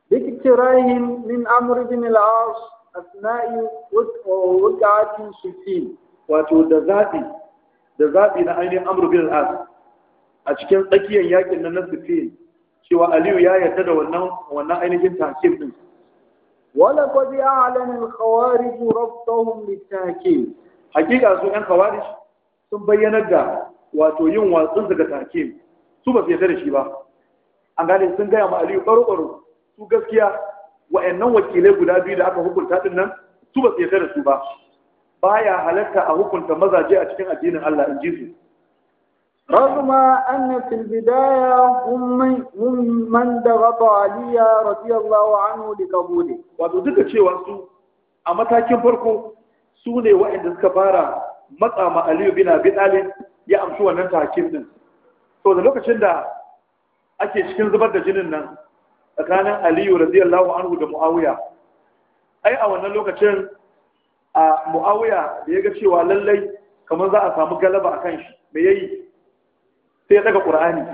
bikirahim min amr bin al-as asna'i waqa'atin sittin wato da zabi da zabi na ainihin amr bin al-as a cikin tsakiyar yakin nan na sittin cewa Aliyu ya yarda da wannan wannan ainihin takim din wala qad ya'lamu al-khawarij rabbahum lit-takim hakika su yan kawaris sun bayyana da wato yin watsun daga takim su ba su yarda da shi ba an gane sun gaya ma aliyu ɓaro su gaskiya wa'annan wakilai guda biyu da aka hukunta din nan su ba su yarda da su ba baya halatta a hukunta mazaje a cikin addinin Allah in ji su رغم أن في البداية هم من, من ضغط علي رضي الله عنه لقبوله duka شيء وانسو أما تاكين farko. su ne waɗanda suka fara matsa ma aliyu bin abi talib ya amshi wannan takin din to da lokacin da ake cikin zubar da jinin nan tsakanin aliyu radiyallahu anhu da muawiya ai a wannan lokacin a muawiya da ya ga cewa lallai kamar za a samu galaba a kan shi me yayi sai ya daga qur'ani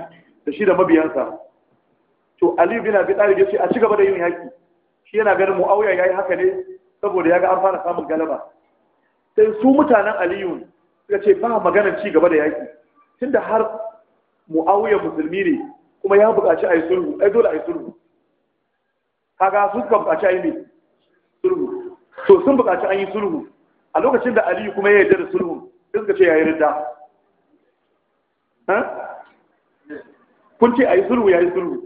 da shi da mabiyansa to aliyu bin abi ya ce a ci gaba da yin yaki shi yana ganin muawiya yi haka ne saboda ya ga an fara samun galaba sai su mutanen aliyu suka ce ba maganar ci gaba da yaƙi Tun da har mu'awuya musulmi ne kuma ya buƙaci a yi sulhu ai dole a yi sulhu kaga su suka buƙaci a yi ne sulhu to sun buƙaci an yi sulhu a lokacin da aliyu kuma ya yarda da sulhu sai suka ce ya yi rinda kun ce a yi sulhu ya yi sulhu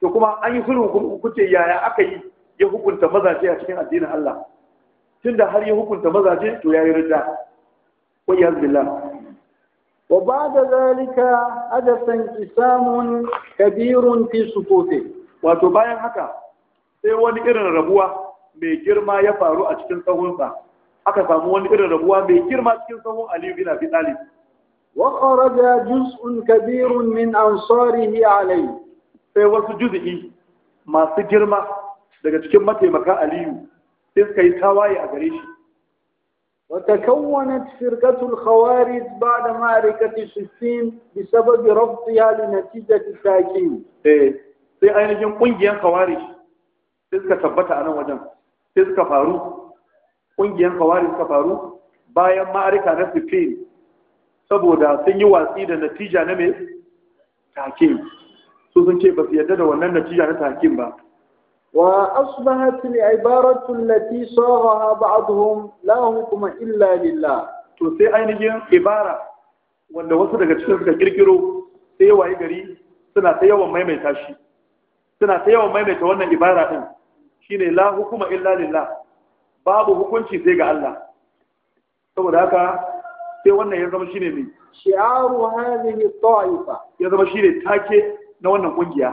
to kuma an yi sulhu kun ce yaya aka yi ya hukunta mazaje a cikin addinin Allah tunda har ya hukunta mazaje to yayi ridda wa ya billah wa ba'da zalika hadasan qisamun kabirun fi sufufi wato bayan haka sai wani irin rabuwa mai girma ya faru a cikin sahunsa aka samu wani irin rabuwa mai girma cikin sahun Ali bin Abi Talib wa kharaja juz'un kabirun min ansarihi alayhi sai wasu juz'i masu girma daga cikin mataimaka Aliyu sai suka yi tawaye a gare shi Wata ba وتكونت فرقة الخوارج بعد معركة شفين بسبب رفضها لنتيجة التأكيد. إيه. sai ainihin ƙungiyar kawari sai suka tabbata a nan wajen sai suka faru ƙungiyar kawari suka faru bayan ma'arika na sifin saboda sun yi watsi da natija na mai takin su sun ce ba su yarda da wannan natija na takin ba وأصبحت العبارة التي صاغها بعضهم لا حكم إلا لله to sai ainihin ibara wanda wasu daga cikin suka kirkiro sai waye gari suna ta yawan maimaita shi suna ta yawan maimaita wannan ibara din shine la hukuma illa lillah babu hukunci sai ga Allah saboda haka sai wannan ya zama shine mai shi'aru hadhihi ta'ifa ya zama shine take na wannan kungiya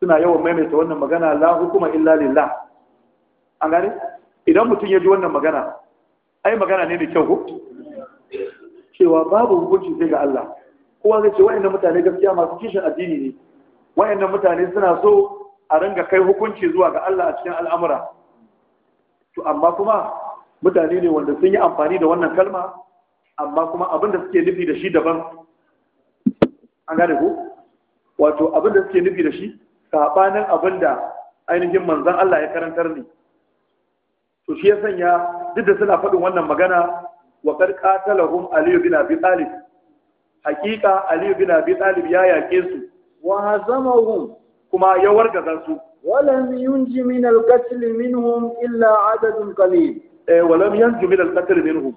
suna yawan maimaita wannan magana la hukuma illa lillah an gane idan mutum ya ji wannan magana ai magana ne da kyau ko cewa babu hukunci sai ga Allah kowa zai ce wa'annan mutane gaskiya masu kishin addini ne wa'annan mutane suna so a ranga kai hukunci zuwa ga Allah a cikin al'amura to amma kuma mutane ne wanda sun yi amfani da wannan kalma amma kuma abin da suke nufi da shi daban an gane ko wato abin da suke nufi da shi sabanin abinda ainihin manzan Allah ya karantar ne to shi ya sanya duk da suna faɗin wannan magana wa qad qatalahum aliyu bin abi talib hakika Aliyu bin abi talib ya yake su wa hazamahum kuma ya wargaza su ولم ينج من القتل منهم illa عدد قليل eh walam yanju min al-qatl minhum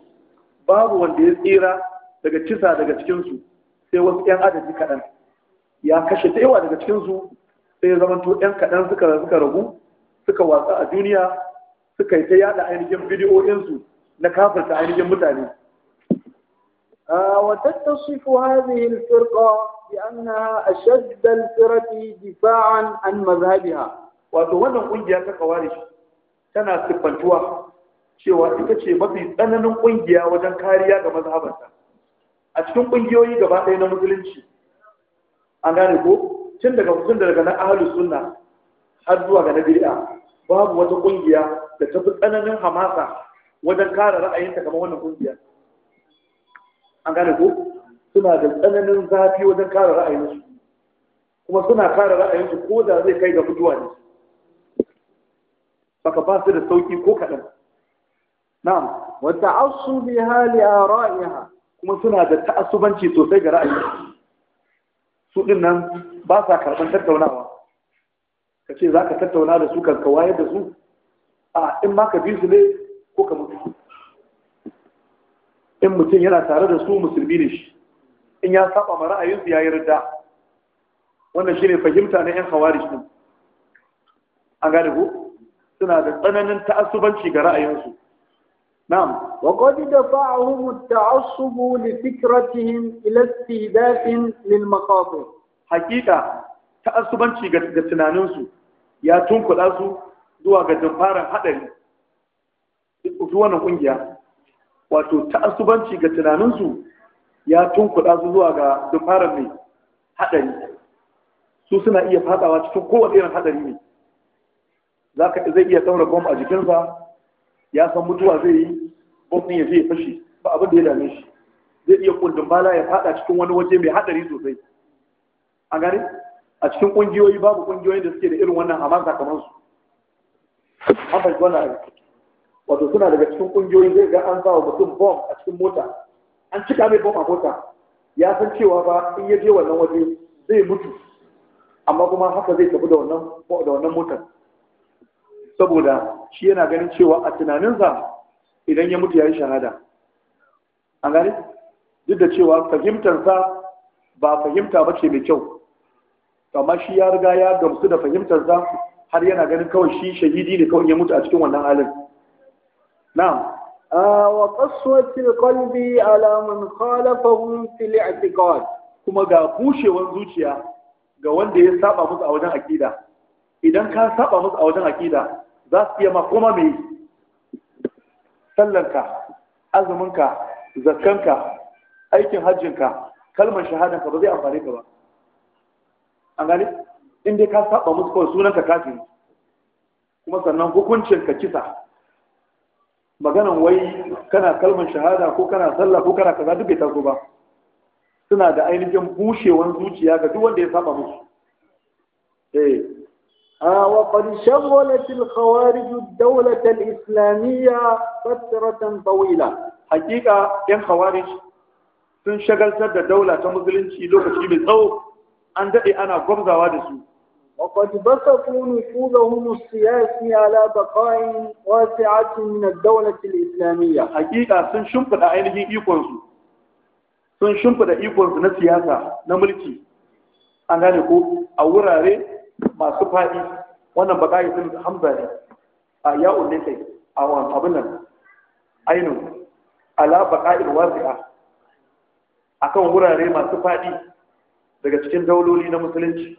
babu wanda ya tsira daga cisa daga cikin su sai wasu yan adadi kaɗan. ya kashe ta yawa daga cikin su sai ya zama to ɗan kaɗan suka suka ragu suka wasa a duniya suka yi ta yada ainihin bidiyoyinsu na kafarta ainihin mutane وتتصف هذه الفرقة بأنها an الفرق دفاعا عن مذهبها وتوانا قنجيا كوارش tana سبنتوا cewa ita ce mafi tsananin ƙungiya wajen kariya ga mazhabarta a cikin ƙungiyoyi gaba ɗaya na musulunci an gane ko tun daga tun daga na ahlus sunna har zuwa ga na babu wata kungiya da ta fi tsananin hamasa wajen kare ra'ayinta kamar wannan kungiya an gane ko suna da tsananin zafi wajen kare ra'ayinsu kuma suna kare ra'ayinsu ko da zai kai ga mutuwa ne baka ba su da sauki ko kaɗan na'am wata wa ta'assubiha li ara'iha kuma suna da ta'assubanci sosai ga ra'ayinsu su ɗin nan ba sa karɓar tattaunawa ka ce za ka tattauna da su kanka wayar da su a in ma ka bi su ne ko ka mutu in mutum yana tare da su musulmi ne shi in ya saba ma ra'ayinsu ya yi rida wannan shi ne fahimta na 'yan hawari din an gane ko suna da tsananin ta'asubanci ga ra'ayinsu نعم وقد دفعهم التعصب لفكرتهم الى استهداف للمخاطر ga tunaninsu ya تنانونسو يا zuwa ga دوا جنفارا حدري wannan قنجيا wato ta'assubanci ga tunaninsu ya tunkuɗa su zuwa ga dufarar mai haɗari su suna iya fadawa cikin kowace irin haɗari ne zai iya ɗaura bom a jikinsa ya san mutuwa zai yi bom ya zai fashe ba abin da ya dame shi zai iya kundin bala ya fada cikin wani waje mai hadari sosai a gani a cikin kungiyoyi babu kungiyoyin da suke da irin wannan hamasa kamar su an fahimci wannan wato suna daga cikin kungiyoyi zai ga an sa wa mutum bom a cikin mota an cika mai bom a mota ya san cewa ba in ya je wannan waje zai mutu amma kuma haka zai tafi da wannan motar saboda shi yana ganin cewa a tunaninsa idan ya mutu ya yi shahada an gani duk da cewa fahimtarsa ba fahimta ba ce mai kyau amma shi ya riga ya gamsu da fahimtarsa har yana ganin kawai shi shahidi ne kawai ya mutu a cikin wannan halin na'am wa qaswatil qalbi ala man khalafahum fil i'tiqad kuma ga bushewan zuciya ga wanda ya saba musu a wajen akida idan ka saba musu a wajen akida za su iya makoma mai sallanka azuminka zakanka aikin hajjinka kalmar shahadanka ba zai amfani ka ba an gani in dai ka saba musu kawai sunanka kafin kuma sannan hukuncin ka kisa maganan wai kana kalmar shahada ko kana sallah ko kana kaza duk bai taso ba suna da ainihin bushewan zuciya ga duk wanda ya saba musu eh آه وقد شغلت الخوارج الدولة الإسلامية فترة طويلة حقيقة إن خوارج sun shagaltar da daula ta musulunci lokaci mai tsawo an daɗe ana gwamzawa da su. وقد بسطوا نفوذهم السياسي على بقاء واسعة من الدولة الإسلامية. حقيقة sun shimfiɗa ainihin ikonsu na siyasa na mulki ko a wurare masu faɗi wannan ba ka'idin hamza ne a ya'un ne sai, a wani abin nan ainihin ala ba ka'idin A akan wurare masu faɗi daga cikin dauloli na musulunci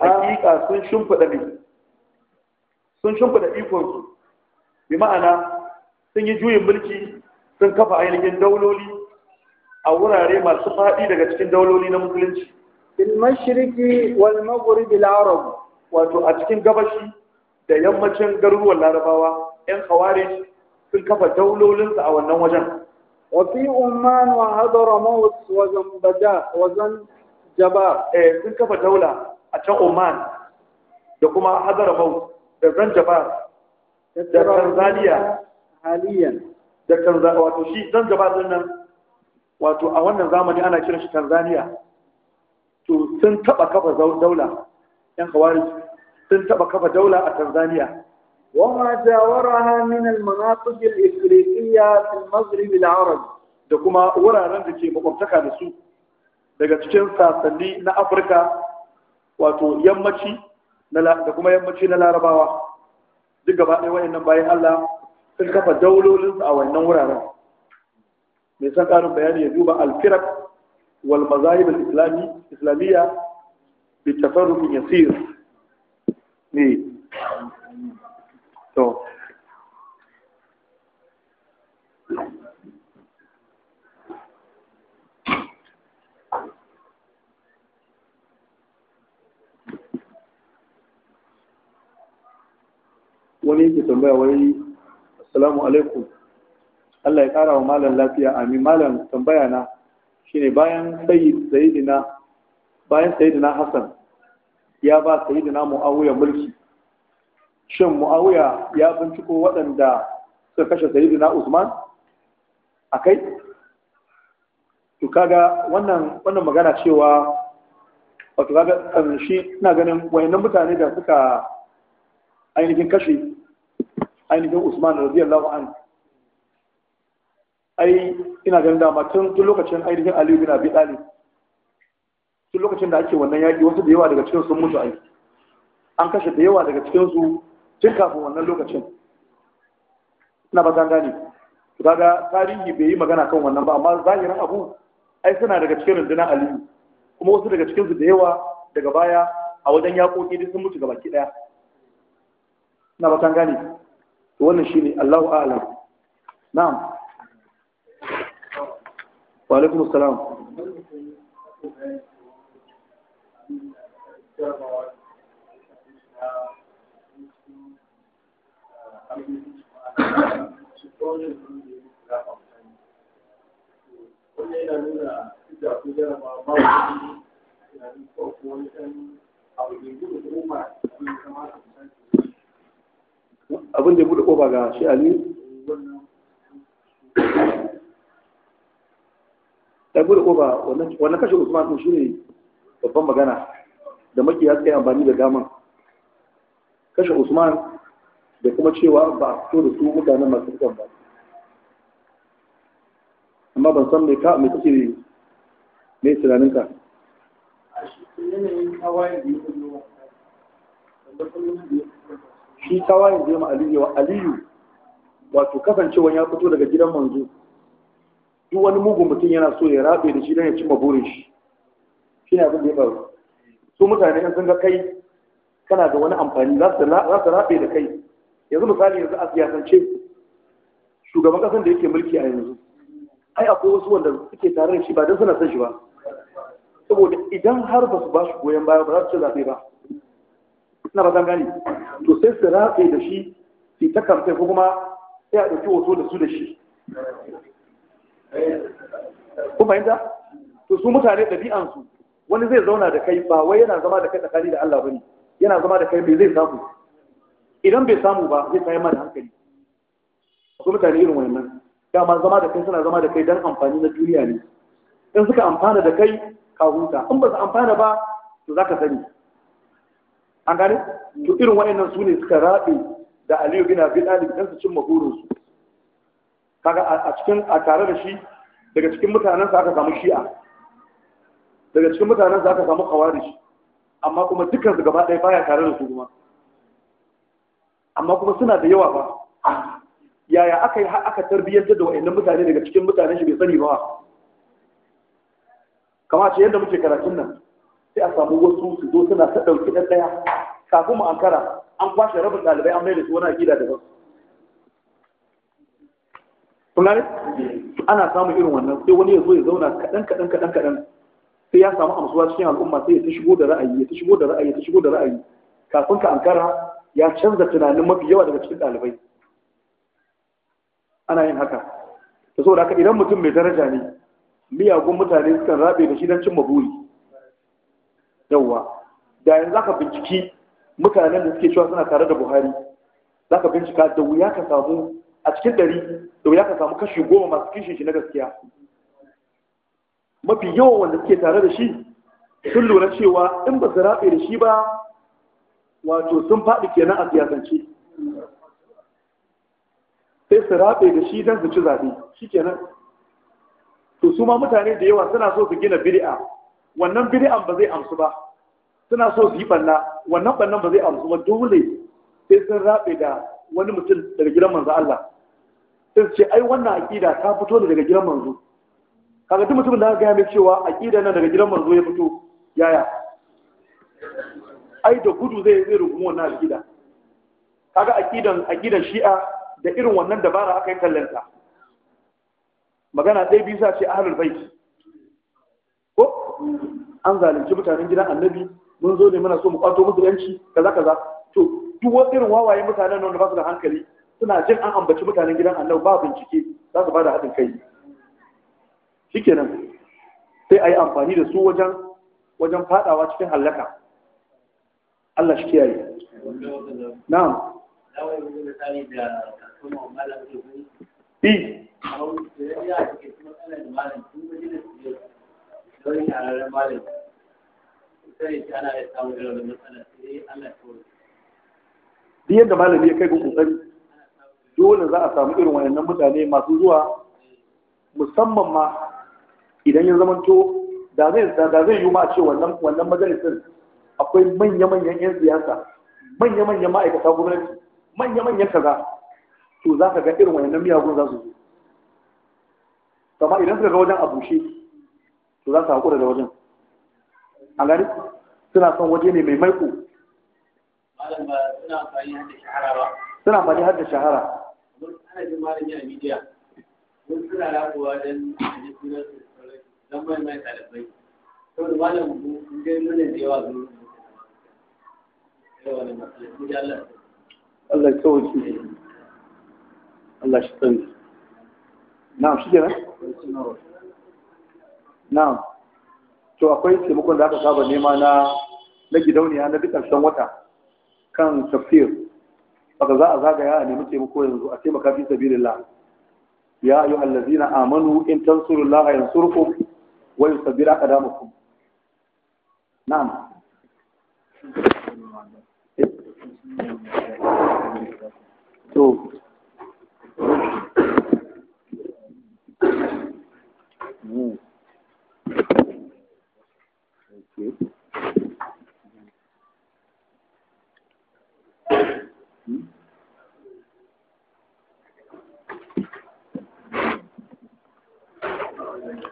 hakika sun shimfiɗa ne sun shimfiɗa ikonsu bi ma'ana sun yi juyin mulki sun kafa ainihin dauloli a wurare masu faɗi daga cikin dauloli na musulunci fil mashriki wal maghribi al wato a cikin gabashi da yammacin garuruwan larabawa yan khawarij sun kafa daulolin a wannan wajen wa fi umman wa hadramaut wa zambaja wa zanjabar eh sun kafa daula a can umman da kuma hadramaut da zanjabar da tanzania haliyan da tanzania wato shi zanjabar din nan wato a wannan zamani ana kiran shi tanzania to sun taba kafa daula yan khawarij sun taba kafa daula a Tanzania وما جاورها من المناطق الإفريقية في المغرب العربي da kuma wuraren da ke makwabtaka da su daga cikin sasanni na Afirka wato yammaci da kuma yammaci na Larabawa duk gaba ɗaya wayannan bayan Allah sun kafa daulolinsu a wannan wuraren mai san ƙarin bayani ya duba alfirak wal mazahib al islami islamiyya bi tafarruq ne wani yake tambaya wai assalamu alaikum Allah ya kara wa malam lafiya amin malam tambaya na shine bayan sayyidina bayan sayyidina Hassan ya ba sayyidina Muawiya mulki shin Muawiya ya binciko waɗanda suka kashe sayyidina Usman akai to kaga wannan wannan magana cewa wato kaga um, shi ina ganin wayannan mutane da suka ainihin kashe ainihin Usman radiyallahu anhu ai ina ganin dama tun tun lokacin ainihin aliyu bin abi talib tun lokacin da ake wannan yaƙi wasu da yawa daga cikin sun mutu ai an kashe da yawa daga cikin su tun kafin wannan lokacin ina ba ta gane kaga tarihi bai yi magana kan wannan ba amma zahirin abu ai suna daga cikin rundunar aliyu kuma wasu daga cikin su da yawa daga baya a wajen yaƙoƙi duk sun mutu gaba ki ɗaya ina ba ta gane to wannan shine Allahu a'lam na'am wa alaikum salam abin da ya buɗe ƙofa ga shi ali da bude kofa wannan kashe usman din shine babban magana da makiya ya yi amfani da gaman kashe usman da kuma cewa ba a fito da su mutanen masu rikan ba amma ban san mai ka mai kake mai tunanin ka shi tawayen da ya ma aliyu wato kasancewa ya fito daga gidan manzo duk wani mugun mutum yana so ya rabe da shi don ya cimma burin shi shi ne abin da ya faru su mutane in sun ga kai kana da wani amfani za su rabe da kai yanzu misali yanzu a siyasance shugaban kasan da yake mulki a yanzu ai akwai wasu wanda suke tare da shi ba don suna son shi ba saboda idan har ba su ba shi goyon baya ba za su ci zaɓe ba ina ba zan gane to sai su rabe da shi su ta kamfe ko kuma sai a ɗauki hoto da su da shi kun fahimta to su mutane ɗabi'ansu wani zai zauna da kai ba wai yana zama da kai tsakani da Allah bane yana zama da kai bai zai samu idan bai samu ba zai kayan mana hankali su mutane irin wannan dama zama da kai suna zama da kai don amfani na duniya ne in suka amfana da kai ka huta in ba su amfana ba to za ka sani an gane to irin waɗannan su ne suka rabe da aliyu bin abi talib don su cimma burinsu kaga a cikin a tare da shi daga cikin mutanen sa aka samu shi'a daga cikin mutanen sa aka samu khawarij amma kuma dukkan su gaba ɗaya baya tare da su kuma amma kuma suna da yawa ba yaya aka yi aka tarbiyyantar da wa'annan mutane daga cikin mutanen shi bai sani ba kama ce yadda muke karatun nan sai a samu wasu su zo suna ta ɗauki ɗaya kafin mu ankara an kwashe rabin ɗalibai an mai da su wani akida daban kun gane ana samun irin wannan sai wani ya zo ya zauna kaɗan kaɗan kaɗan kaɗan sai ya samu amsuwa cikin al'umma sai ya ta shigo da ra'ayi ya ta shigo da ra'ayi ya ta shigo da ra'ayi kafin ka ankara ya canza tunanin mafi yawa daga cikin ɗalibai ana yin haka da saboda haka idan mutum mai daraja ne miyagun mutane sukan rabe da shi don cimma buri yawwa da yanzu zaka binciki mutanen da suke cewa suna tare da buhari zaka bincika da wuya ka samu a cikin ɗari da ya ka samu kashi goma masu kishin shi na gaskiya mafi yawan wanda suke tare da shi sun lura cewa in ba su raɓe da shi ba wato sun faɗi kenan a siyasance sai su raɓe da shi don su ci zaɓe shi kenan to su ma mutane da yawa suna so su gina biri'a, wannan biri'an ba zai amsu ba suna so su yi ɓanna, wannan ɓannan ba zai amsu ba dole sai sun raɓe da wani mutum daga gidan manzo Allah sai ce ai wannan aƙida ta fito ne daga gidan manzo kaga duk mutumin da aka gaya mai cewa aƙida nan daga gidan manzo ya fito yaya ai da gudu zai zai rubuta wannan aƙida kaga aƙidan aqidan shi'a da irin wannan dabara aka yi kallanta magana ɗaya bisa ce ahlul bait ko an zalunci mutanen gidan annabi mun zo ne muna so mu kwato musu yanci kaza kaza to duk wani irin wawaye mutanen nan da ba su da hankali suna jin an ambaci mutanen gidan annabi ba bincike za su bada haɗin kai shikenan sai a yi amfani da su wajen wajen fadawa cikin hallaka Allah shi kiyaye na'am bi e. sai ana samun irin matsalar sai Allah ya duk yadda malami ya kai ga kokari dole za a samu irin wayannan mutane masu zuwa musamman ma idan ya zamanto da zai da zai yi ma a ce wannan wannan majalisar akwai manya-manyan 'yan siyasa manya-manyan ma'aikata gwamnati manya-manyan kaza to za ka ga irin wayannan miyagun za su zo kuma idan suka ga wajen a bushe to za su haƙura da wajen a gani suna son waje ne mai maiko suna amfani har da shahara Allah ya Allah shi na'am shi kenan na'am to akwai taimakon da aka saba nema na na gidauniya na duk ƙarshen wata kan tafsir baka za a zagaya a nemi taimako yanzu a taimaka fi sabilillah ya ayu allazina amanu in tansurullaha yansurkum wa yusabbir aqdamakum na'am to Thank hmm. you. Thank hmm? you.